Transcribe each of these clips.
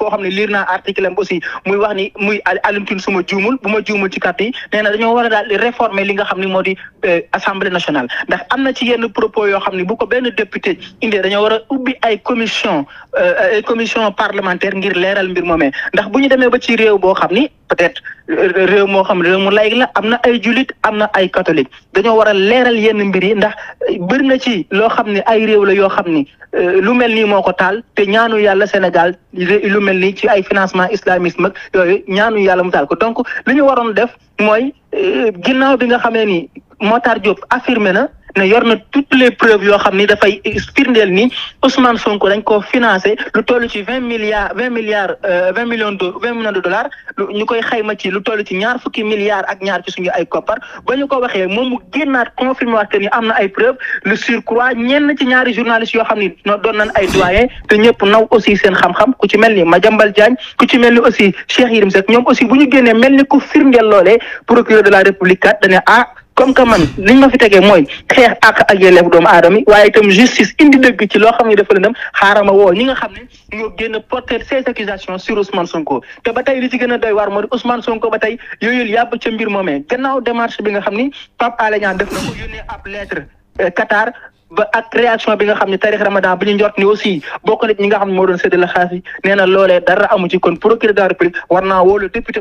koo xam ne liir naa article am aussi muy wax ni muy alimtin suma juumul bu ma juumul ci kàtt yi nee na dañoo war a daal réformer li nga xam ne moo di euh, assemblée nationale ndax am na ci yenn propos yoo xam ne bu ko benn député indee dañoo war a ubbi ay commission euh, ay commission parlementaire ngir leeral mbir moomee ndax bu ñu demee ba ci réew boo xam ni peut-être euh, réew moo xam réew mu laïc am na ay julit am na ay catholique dañoo war a leeral yenn mbir yi ndax euh, bëri na ci loo xam ne ay réew la yoo xam ni euh, lu mel nii moo ko taal te ñaanu yàlla Sénégal lu mel nii ci ay financement islamisme ak yooyu ñaanu yàlla mu taal ko donc li ñu waroon def mooy ginnaaw bi nga xamee ni Motar Diop affirmé na. ne yor na toutes les preuves yoo xam ni dafay firndeel ni Ousmane Sonko dañ koo financé lu toll ci vingt milliards vingt milliards euh, vingt millions de vingt millions de dollars ñu koy xayma ci lu toll ci ñaar fukki milliards ak ñaar ci suñu ay koppar ba ñu ko waxee moom mu génnaat confirmé waat que ni am na ay preuves le surcroît ñenn ci ñaari journalistes yoo xam ni doon nañ ay doyen te ñëpp naw aussi seen xam-xam ku ci mel ni Madiambal Diagne ku ci mel ni aussi Cheikh Yérim Seck ñoom bu ñu génnee mel ni ku firndeel loolee procureur de la République kat ah, comme que ni liñ ma fi tegee mooy xeex àq ak yelleef doom aadama yi waaye itam justice indi dëgg ci loo xam ne dafa leen dem xaaral ma woo nga xam ne ñoo génn porter ces accusations sur Ousmane Sonko te ba tey li ci gën a doy waar moo di Ousmane Sonko ba tey yooyu yàbb ca mbir moomee gannaaw démarche bi nga xam ni Pape Alé Niang def na ko yónnee ab lettre euh, Qatar ba ak réaction bi nga xam ne Tariq Ramadan bi ñu njort ni aussi bokk na ñi nga xam ne moo doon séddale nee na loolee dara amu ci kon procureur de la République war naa wóolu député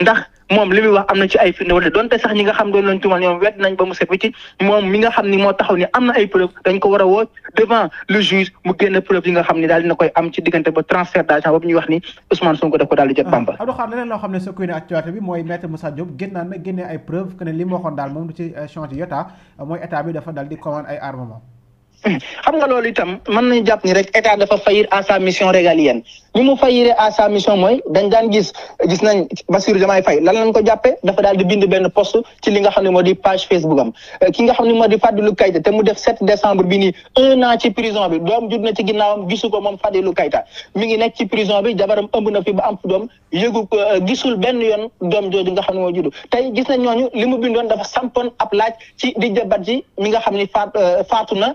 ndax moom li muy wax am na ci ay firnde wala donte sax ñi nga xam doon lañ tuumal ñoom wedd nañ ba mu set ci moom mi nga xam ni moo taxaw ni am na a woo devant le juge yi nga xam ni daal dina koy am ci diggante ba transfert d'argent boobu ñuy wax ni Ousmane Sonko daf ko daal di jot Bamba ah, Abdou Khare leneen loo xam ne sa kuy ne bi mooy maître Moussa Diop génnaan na génnee ay preuve que ne li mu waxoon daal moom du ci euh, change yota mooy état bi dafa daal di commande ay armement xam nga loolu itam mën nañu jàpp ni rek état dafa faillir à sa mission régalienne ni mu faillire à mission mooy dañ daan gis gis nañ Bassirou Diomaye Faye lan lañ ko jàppe dafa daal di bind benn post ci li nga xam ne moo di page Facebook euh, ki nga xam ne moo di Fadilou def 7 décembre bi nii un an ci bi doom jud na ci ginnaawam gisu ko moom Fadilou Keita mi ngi nekk ci prison bi jabaram ëmb na fi ba am doom euh, gisul benn yoon doom jooju nga xam ne moo judd tey gis nañ ñooñu li mu bindoon dafa sampoon ab laaj ci di jabat ji mi nga xam ni euh, faatu na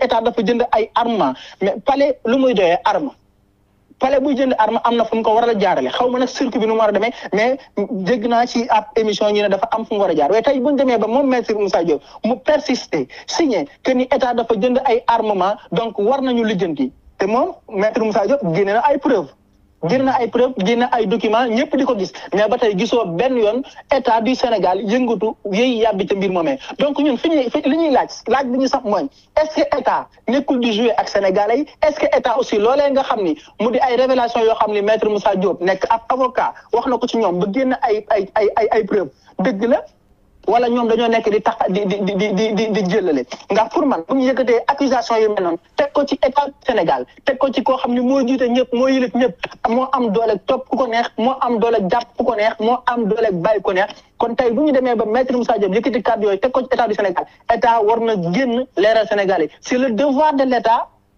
état dafa jënd ay armement mais lu muy doyee arme palais buy jënd arme am na fu ko war a jaarale xaw ma nag circuit bi nu ma war a demee mais dégg naa ci ab émission ñu ne dafa am fu mu war a jaar waaye tey bu ñu demee ba moom maître Moussa Diop mu persister signé que ni état dafa jënd ay armement donc war nañu lijjanti te moom maître Moussa Diop génne na ay preuve génn na ay preuve génn na ay document ñëpp di ko gis mais ba tey gisoo benn yoon état du Sénégal yëngatu yéy yàbbi ca mbir moomee donc ñun fi ñuy li ñuy laaj laaj bi ñu sax mooy est-ce que état nekkul di jouer ak sénégalais yi est-ce que état aussi loolee nga xam ni mu di ay révélation yoo xam ni maitre maître Moussa Diop nekk ab avocat wax na ko ci ñoom ba génn ay ay ay ay ay preuve dëgg la wala ñoom dañoo nekk di tax di di di di di di jëlale ndax pour man bu ñu yëkkatee accusation yu mel noonu teg ko ci état Sénégal teg ko ci koo xam ne moo jiite ñëpp moo yilif ñëpp moo am doole topp ku ko neex moo am doole jàpp ku ko neex moo am doole bàyyi ko neex kon tey bu ñu demee ba maître Moussa Diop yëkkati kàddu yooyu teg ko ci état du Sénégal état war na génn leeral Sénégal yi c'est le devoir de l'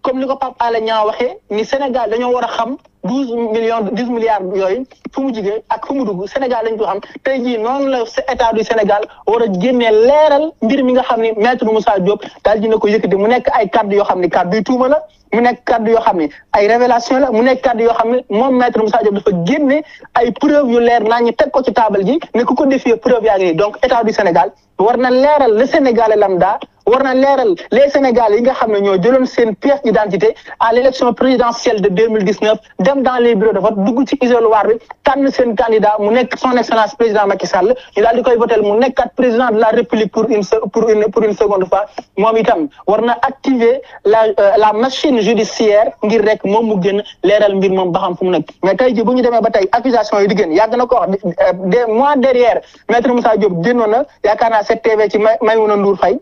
comme ni ko Pape Alé Niang waxee ni Sénégal dañoo war a xam douze millions dix milliards yooyu fu mu jigee ak fu mu dugg Sénégal lañ ko xam tey jii noonu la état du Sénégal war a génnee leeral mbir mi nga xam ni maître Moussa Diop daal dina ko yëkkati mu nekk ay kàddu yoo xam ni ka yu tuuma la mu nekk kàddu yoo xam ne ay révélation la mu nekk kàddu yoo xam ne moom maître Moussa Diop dafa génne ay preuve yu leer naa ñu teg ko ci table ji ne ku ko defee preuve yaa ngi donc état du Sénégal war na leeral la le Sénégalais lambda war na leeral les Sénégalais yi nga xam ne ñoo jëloon seen pièce d'identité à l'élection présidentielle de deux mille dix neuf dem dans les bureaux de vote dugg ci isoloir bi tànn seen candidat mu nekk son excellence président Macky Sall ñu daal di koy votel mu nekkat président de la République pour une pour une pour une seconde fois moom itam war na activer la euh, la machine judiciaire ngir rek moom mu gën leeral mbir moom ba xam fu mu nekk mais tey ji bu ñu demee ba tey accusation yi di yàgg na ko euh, mois derrière maître Moussa Diop génnoon na yaakaar naa 7TV ci Maïmouna Ndour Faye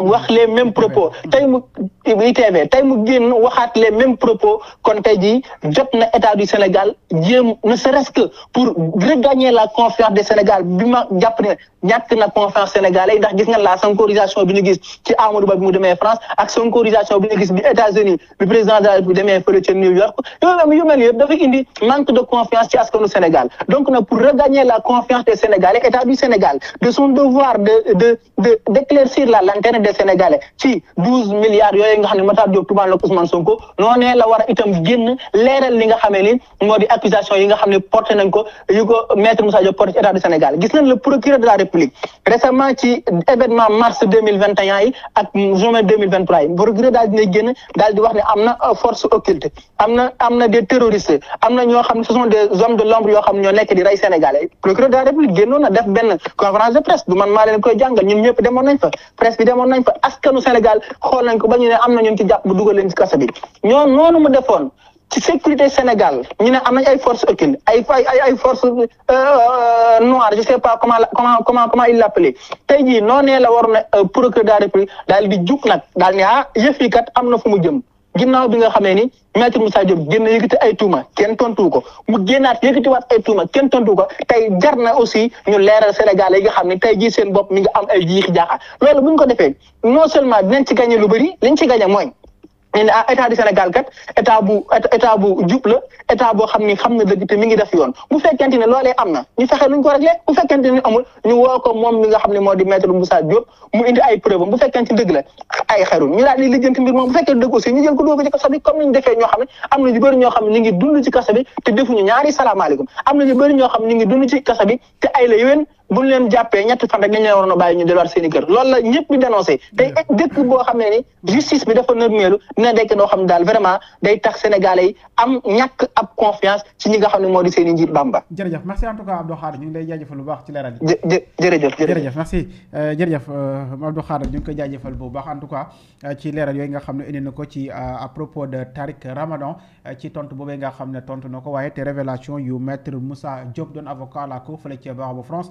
wax les mêmes propos tey mu ITV tey mu génn waxaat les mêmes propos kon tey jii jot na état du Sénégal jéem ne serait-ce pour regagner la confiance des Sénégal bi ma ne ñàkk na confiance sénégalais ndax gis nga la sonkorisation bi ñu gis ci Amadou Ba bi mu France ak sonkorisation bi ñu gis bi États-Unis bi président de la République demee fële New York yooyu am yu mel yëpp dafa indi manque de confiance ci askanu Sénégal donc nag pour regagner la confiance des Sénégal de des sénégalais ci douze milliards yooyu nga xam ne Matar Diop tuumaan la Sonko noonee la war itam génn leeral li nga xamee ni moo accusation yi nga xam ne porté nañ ko yu ko maître Moussa état du Sénégal gis le procureur de la République récemment ci événement mars deux mille vingt et un ak juin deux mille vingt trois yi procureur daal dina génn daal di wax ne am na euh, force occulte am na am terroristes am na ñoo xam ne ce de l'ombre de la nañ ko askanu Sénégal xool nañ ko ba ñu ne am na ñun ci jàpp bu dugal leen ci kaso bi ñoom noonu mu defoon ci sécurité Sénégal ñu ne am nañ ay force occulte ay ay ay force euh, euh, noire je sais pas comment comment comment comment il l'appelait tey jii noonee la waroon a euh, procureur de la République daal di jug nag daal ne ah yëf kat am na fu mu jëm ginnaaw bi nga xamee ni maître Moussa Diop génn yëkkati ay tuuma kenn tontu ko mu génnaat yëkkati waat ay tuuma kenn tontu ko tey jar na aussi ñu leeral Sénégal yi nga xam ne kay ji seen bopp mi nga am ay ji jaaxa loolu bu ñu ko defee non seulement dinañ ci gagné lu bëri liñ ci gagné mooy état du Sénégal kat état bu état bu jub la état boo xam ni xam na dëgg te mi ngi def yoon bu fekkente ne loolee am na ñu fexe luñ ko réglé bu fekkente ne amul ñu woo moom mi nga xam ne moo di maître Moussa Diop mu indi ay preuve bu fekkente dëgg la ay xerul ñu daal di lijjanti mbir bu fekkee dëgg aussi ñu jël ko dóor ko ci kaso bi comme niñu defee ñoo am na ñu bëri ñoo xam ngi dund ci kaso bi te defuñu ñaari salaamaaleykum am na ñu bëri ñoo ngi dund ci kaso bi ay la yéwén bu ñu leen jàppee ñetti fan rek dañ leen waroon a bàyyi ñu delluwaat seen i kër loolu la ñëpp di dénoncé tey dëkk boo xam ne ni justice bi dafa nërmeelu dina ne daal vraiment day ñi nga xam ne moo di seen i njiit Bamba. jërëjëf merci en tout cas Abdou Khadre ñu ngi lay jaajëfal bu baax ci leeral yi. jë jërëjëf jërëjëf merci euh, jërëjëf euh, Abdou Khadre ñu ngi koy jaajëfal bu baax en tout cas euh, ci leeral yooyu nga xam ne indi na ko ci à propos de Tariq Ramadan ci tontu boobee nga xam ne tontu na ko waaye te révélation yu maître Moussa Diop doon avocat la cour fële ca ba France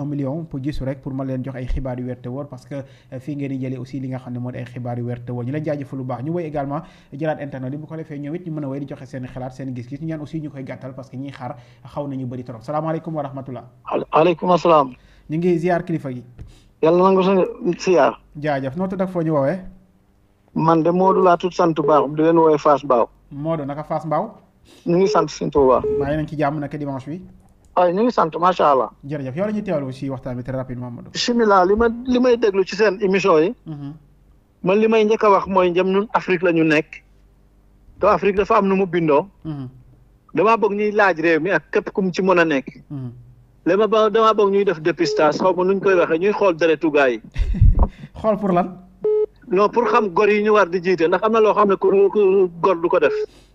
un million pour gisu rek pour ma leen jox ay xibaar yu wér te wóor parce que euh, fii ngeen di jëlee aussi li nga xam ne moo di ay xibaar yu wér te wóor ñu leen jaajëfal lu baax ñu woy également jëlaat internet yi bu ko defee ñoom it ñu mën a woy di joxe seen xalaat seen gis-gis ñu ñaan aussi ñu koy gàttal parce que ñiy xaar xaw nañu bëri trop salaamaaleykum wa rahmatullah aleykum asalaam ñu ngi ziar kilifa gi yàlla nangu sa siyaar jaajëf noo tudd ak foo ñu woowee man de Modou laa tudd sant baaw di leen woowee Fass Mbao Modou naka Fass Mbao ñu ngi sant Sëñ Tuubaa bàyyi nañ ci jàmm naka dimanche bi waaye ñu ngi sant macha allah. jërëjëf yow la ñuy teewlu si waxtaan bi très rapidement Amadou. bisimilah li ma li may déglu ci seen émission yi. Mhm. man li may njëkk a wax mooy njëm ñun Afrique la ñu nekk. te Afrique dafa am nu mu bindoo. Mhm. dama bëgg ñuy laaj réew mi ak képp kum ci mën a nekk. Mhm. li ma ba damaa bëgg ñuy def dépistage xaw ma nuñ koy waxee ñuy xool deretu gaa yi. xool pour lan. non pour xam gor yi ñu war di jiite ndax am na loo xam ne ku gor du ko def.